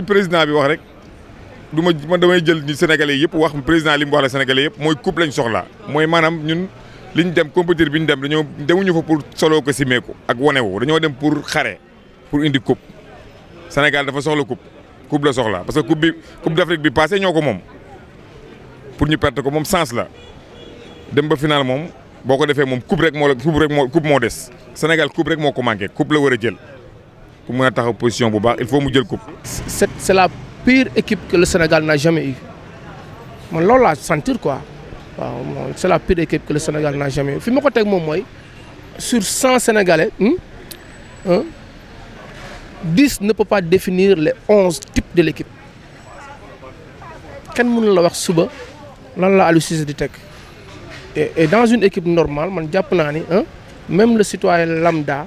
li président bi wax rek duma ma damay jël ni sénégalais yépp wax président li mu wax la sénégalais yépp moy coupe lañ soxla moy manam ñun liñ dem compétir biñ dem dañoo demuñu fa pour solo ko ko ak wu dañu dem pour xaré pour indi coupe Sénégal dafa soxla coupe coupe la soxla parce que coupe bi coupe d'Afrique bi passé ñoko mom pour ñu perte ko mom sens la dem ba final mom boko ko mom coupe rek mo coupe rek mo coupe mo dess Sénégal coupe rek moko manké coupe la wara jël Il C'est la pire équipe que le Sénégal n'a jamais eue. C'est la pire équipe que le Sénégal n'a jamais eue. Sur 100 Sénégalais, 10 hmm, hein, ne peut pas définir les 11 types de l'équipe. Quand on l'a ce souvent, de tech. Et dans une équipe normale, hein, même le citoyen lambda,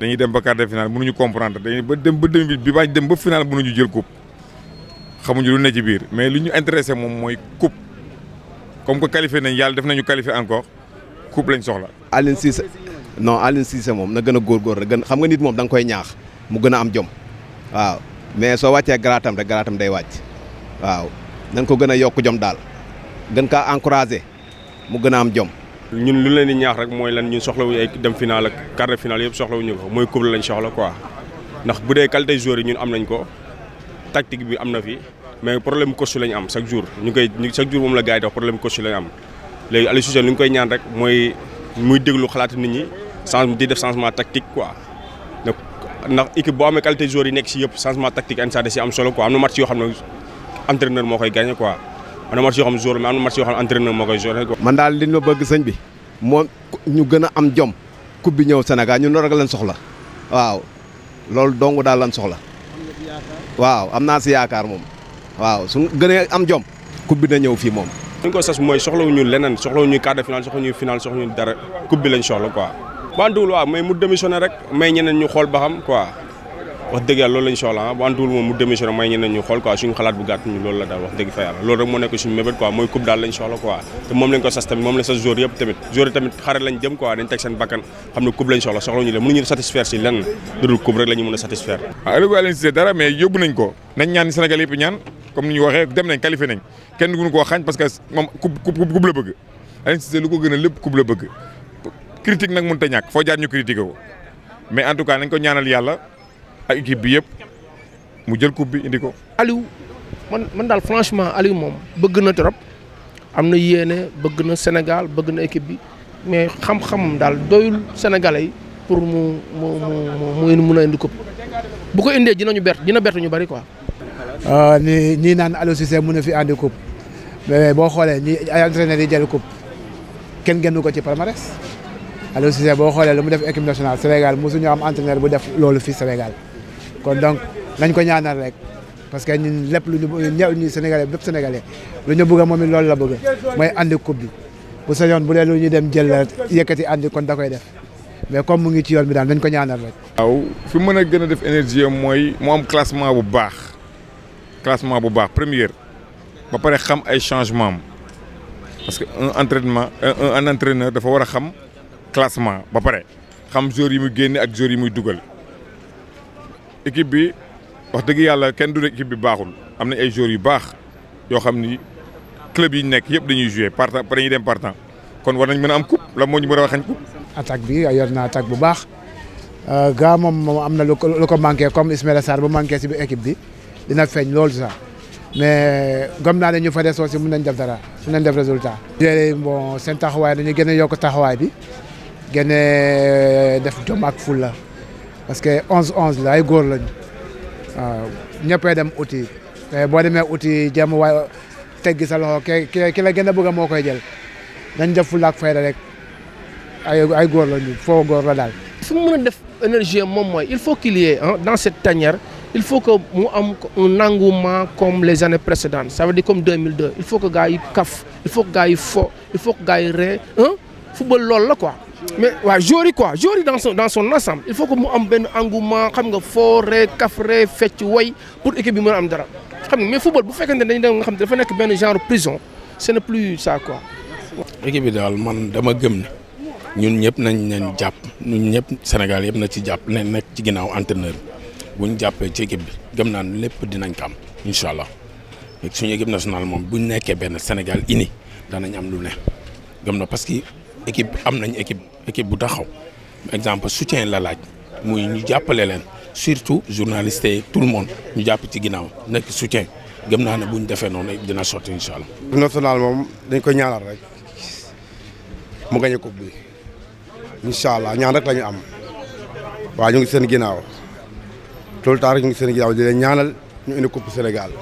dañuy dem ba quart de finale mënuñu comprendre dañuy ba dem ba demi bi ba dem ba finale mënuñu jël coupe xamuñu lu ne ci biir mais li ñu intéressé moom mooy coupe comme que qualifié nañ yàlla def nañu qualifié encore coupe lañ soxla. Alioune Cissé non Alioune Cissé moom na gën a góorgóor rek gën xam nga nit moom da koy ñaax mu gën a am jom waaw mais soo wàccee garaatam rek garaatam day wàcc waaw nañ ko gën a yokk jom daal gën kaa encouragé mu gën a am jom. ñun lu leen di ñaax rek mooy lan ñun soxlawuñu ay dem final ak quart de finale yëpp soxlawuñu ko mooy coupe lañ soxla quoi ndax bu dee qualité joueur yi ñun am nañ ko tactique bi am na fi mais problème coach lañ am chaque jour ñu koy chaque jour moom la gars yi di wax problème coach am léegi ñaan rek mooy muy déglu xalaatu nit ñi change di def changement tactique quoi ndax équipe boo amee qualité joueur yi nekk si yëpp changement tactique an da si am solo quoi am na match yoo xam ne entraîneur moo koy gagné quoi am na match yoo xam ne jour mais am na match yoo moo koy jour man daal li ma bëgg sëñ bi moom ñu gën a am jom coupe bi ñëw senegal ñu norak leen soxla waaw loolu dong daal lan soxla waaw am naa si yaakaar moom waaw suñu gënee am jom coupe bi na ñëw fii moom li ko sas mooy soxlawuñu leneen soxlawuñu quart de finale soxlawuñu finale soxlawuñu dara coupe bi lañ soxla quoi bantuwul waaw mais mu démissionné rek may ñeneen ñu xool ba xam quoi wax dëgg yàlla loolu lañ soxla bu ah. antuwul moom mu démissionné may ñeneen ñu xool quoi suñu xalaat bu gàtt ñu loolu la daal wax dëgg fa yàlla loolu rek moo nekk suñu mébét quoi mooy coupe daal lañ soxla quoi te moom lañ ko sas tamit moom lañ sas joueur yëpp tamit joueur yi tamit rek la ñu a satisfaire waaw ëllëg lañ si dara mais yóbbu nañ ko nañ ñaan Sénégal yëpp ñaan comme ni ñu waxee dem nañ qualifié nañ kenn duñu koo xañ parce que ak équipe bi yëpp mu jël coupe bi indi ko. Aliou man man daal franchement Aliou moom bëgg na trop am na yéene bëgg na Sénégal bëgg na équipe bi mais xam xam daal doyul sénégalais pour mu mu mu mu mun a indi coupe bu ko indee dinañu bert na bert ñu bari quoi. Ah, ni ñii naan Aliou Cissé mun na fi andi coupe mais boo xoolee ñi ay entraîneurs yi jël coupe kenn génnu ko ci palmarès Aliou Cissé boo xoolee lu mu def équipe nationale Sénégal mosuñu am entraîneur bu def loolu fii Sénégal. kon donc nañ ko ñaanal rek parce que ñun lepp lu ñu ñu sénégalais bëpp sénégalais lu ñu bëgg momi lool la bëgg moy andi coupe bi bu sa yoon bu dé lu ñu dem jël yëkëti andi kon da koy def mais comme mu ngi ci yoon bi daal dañ ko ñaanal rek waaw fi mëna gëna def énergie moy mo am classement bu baax classement bu baax première ba paré xam ay changement parce que un entraînement euh, un, un entraîneur dafa wara xam classement ba paré xam joueur yi mu génné ak joueur yi muy duggal équipe bi wax dëgg yàlla kenn du ne équipe bi baaxul am na ay joueurs yu baax yoo xam ni club yi nekk yëpp dañuy jouer partant dañuy dem partant kon war nañ mën a am coupe la moo ñu mën a waxañ coupe. attaque bi a yor na attaque bu baax euh, gaa moom moom am na lu ko lu ko manqué comme Ismaïla Sarr bu manqué si biir équipe bi dina feeñ loolu sax mais gëm naa ne ñu fa des aussi mun nañ def dara mën nañ def résultat. léeg bon seen taxawaay dañuy gën a yokk taxawaay bi gën a def jom parce que 11-11, la ay gor la waaw dem outil eh, boo demee uti dem a waa teggi sa loxo ki ki la a bëgg mo koy jël dañ def fulla ak fayda rek ay ay góor lañu fo gor la dal mëna def énergie il faut qu'il y ait hein, dans cette tanière il faut que mu am un engouement comme les années précédentes ça veut dire comme 2002 il faut que gars yi kaf il faut que gars yi fo il faut que gars yi hein football loolu la quoi mais waaw jour quoi jour dans son dans son ensemble il faut que mu am benn engouement xam nga foore kafre fecc way pour équipe bi mën am dara xam nga mais football bu fekkente ne dañu dem nga xam dafa nekk benn genre prison ce ne plus ça quoi. équipe bi daal man dama gëm ne ñun ñëpp nañ leen jàpp ñun ñëpp Sénégal yëpp na ci jàpp ne nekk ci ginnaaw entraîneur bu ñu jàppee ci équipe bi gëm naa ne lépp dinañ ko am incha allah suñu équipe nationale moom bu ñu nekkee Sénégal uni danañ am lu ne gëm parce que. équipe am nañ équipe équipe bu taxaw exemple soutien la laaj muy ñu jàppale leen surtout journaliste yi tout le monde ñu jàpp ci ginnaaw nekk soutien gëm naa ne bu ñu defee noonu dina sotti incha allah. national moom dañ koy ñaanal rek mu gañe coupe bi incha allah ñaan rek la am waaye ñu ngi seen ginnaaw tout le temps rek ñu ngi seen ginnaaw di leen ñaanal ñu indi coupe Sénégal.